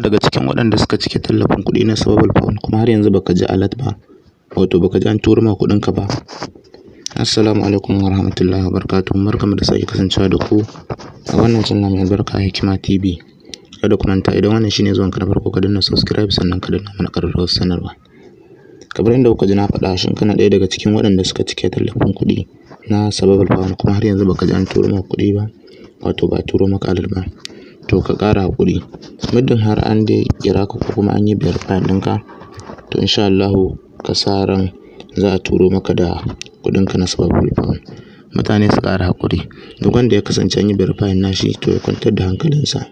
kana daga cikin waɗanda suka cike tallafin kuɗi na Global Fund kuma har yanzu baka ji alat ba wato baka ji an turo ma kuɗinka ba Assalamu alaikum wa rahmatullahi wa barakatuh barkamu da sake kasancewa da ku a wannan channel mai albarka Hikima TV kada ku manta idan wannan shine zuwan ka na farko ka danna subscribe sannan ka danna mana ƙararrawar sanarwa kamar yadda kuka ji na faɗa shin kana ɗaya daga cikin waɗanda suka cike tallafin kuɗi na sababal fawon kuma har yanzu baka ji an turo maka kuɗi ba wato ba turo maka alat ba to ka ƙara haƙuri muddin har an dai kira ka ko kuma an yi biyar verifying ɗinka to insha Allahu ka sa ran za a turo maka da kuɗinka na sababin refund mutane su ƙara haƙuri duk wanda ya kasance an yi verifying nashi to ya kwantar da hankalinsa.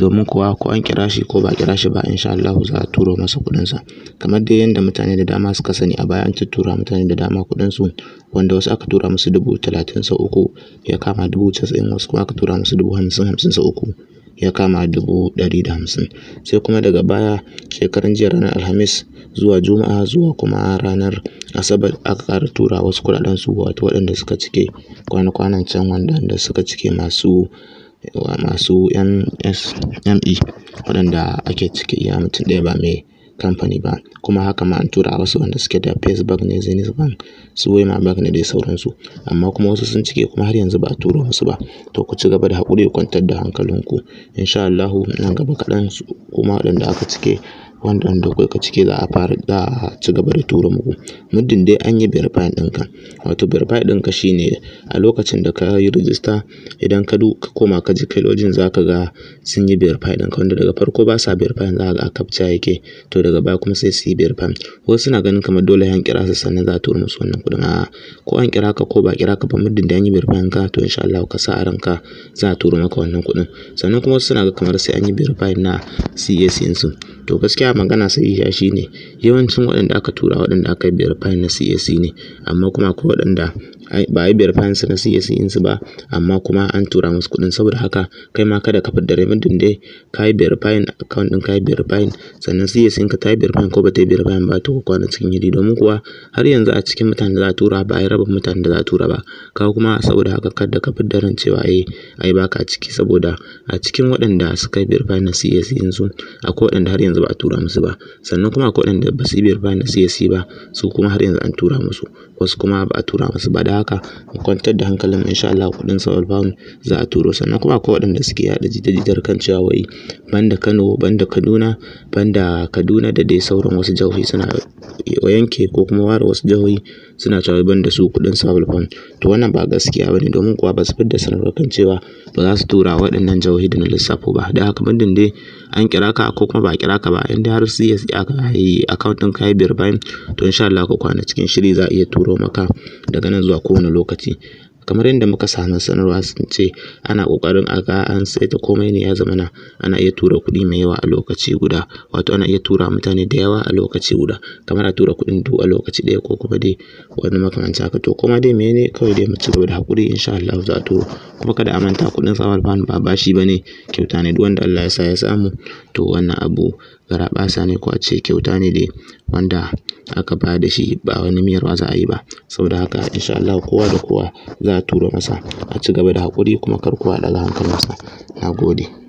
domin kuwa ko an kira shi ko ba kira shi ba insha Allah za a turo masa kuɗinsa kamar dai yadda mutane da dama suka sani a baya an tura mutane da dama kuɗinsu wanda wasu aka tura musu dubu talatin sau uku ya kama dubu casa'in wasu kuma aka tura musu dubu hamsin hamsin sau uku ya kama dubu ɗari da hamsin sai kuma daga baya shekaran jiya ranar alhamis zuwa juma'a zuwa kuma ranar asabar aka kara tura wasu kuɗaɗen su wato waɗanda suka cike kwana-kwanan can wanda suka cike masu masu MSME waɗanda ake cike iya mutum ɗaya ba mai kamfani ba kuma haka ma an tura wasu wanda suke da facebook ne Zenith Bank su Wema Bank ne dai sauransu amma kuma wasu sun cike kuma har yanzu ba a turo musu ba to ku ci gaba da haƙuri ku kwantar da hankalinku insha Allahu nan gaba kaɗan kuma waɗanda aka cike wannan da kuka cike za a fara za a ci gaba da tura muku muddin dai an yi verifying ɗinka wato verify ɗinka shine a lokacin da ka yi register idan ka koma ka je kai login za ka ga sun yi verify ɗinka wanda daga farko ba sa verifying za ka ga a captcha yake to daga baya kuma sai su yi verifying wasu suna ganin kamar dole an kira su sannan za a tura musu wannan kuɗin a ko an kira ka ko ba kira ka ba muddin da an yi verifying ka to insha Allah ka sa a ranka za a tura maka wannan kuɗin sannan kuma wasu suna ga kamar sai an yi verifying na CAC su to gaskiya magana sahiha shine yawancin waɗanda aka tura waɗanda aka biyar fine na CAC ne amma kuma akwai waɗanda ba biyar Verfans na CS su ba amma kuma an tura musu kuɗin saboda haka kai ma kada ka fidda din dai ka yi Verifying account ɗin ka yi Verifying sannan sun ka ta yi Verifying ko ba ta yi Verifying ba to ka kwana cikin yadi domin kuwa har yanzu a cikin mutanen da za a tura ba a yi rabin mutanen da za a tura ba ka kuma saboda haka kada ka fidda ran cewa ai ai baka ciki saboda a cikin waɗanda suka yi Verifying na CS su akwai waɗanda har yanzu ba a tura musu ba sannan kuma akwai waɗanda ba su yi Verifying na CS ba su kuma har yanzu an tura musu wasu kuma ba a tura musu ba da haka a kwantar da hankalin insha Allah kuɗin South Bound za a turo sannan kuma akwai waɗanda suke yada jita kan cewa wai banda Kano banda Kaduna banda Kaduna da dai sauran wasu jihohi suna yanke ko kuma ware wasu jihohi suna cewa banda su kuɗin South Bound to wannan ba gaskiya bane domin kuwa ba su fidda sanarwar kan cewa ba za su tura waɗannan jihohi da na lissafo ba da haka muddin dai an kira ka ko kuma ba kira ka ba in dai har CS aka yi account ɗin ka yi to insha Allah ka kwana cikin shiri za a iya turo maka daga nan zuwa kowane lokaci. Kamar yadda muka samu sanarwa sun ce ana ƙoƙarin a ga an saita komai ne ya zamana ana iya tura kuɗi mai yawa a lokaci guda, wato ana iya tura mutane da yawa a lokaci guda kamar a tura kuɗin duk a lokaci ɗaya ko kuma dai wani makamancin haka. To koma dai mene ne kawai dai mu ci gaba da haƙuri in sha Allahu za a turo. kuma kada a manta kuɗin tsawar fan ba bashi bane kyauta ne duk wanda Allah ya sa ya samu to wannan abu garaɓasa ne ko a ce kyauta ne dai wanda aka ba da shi ba wani miyar za a yi ba saboda haka insha Allah kowa da kowa za a turo masa a ci gaba da haƙuri kuma kar kowa ɗaga hankalinsa na gode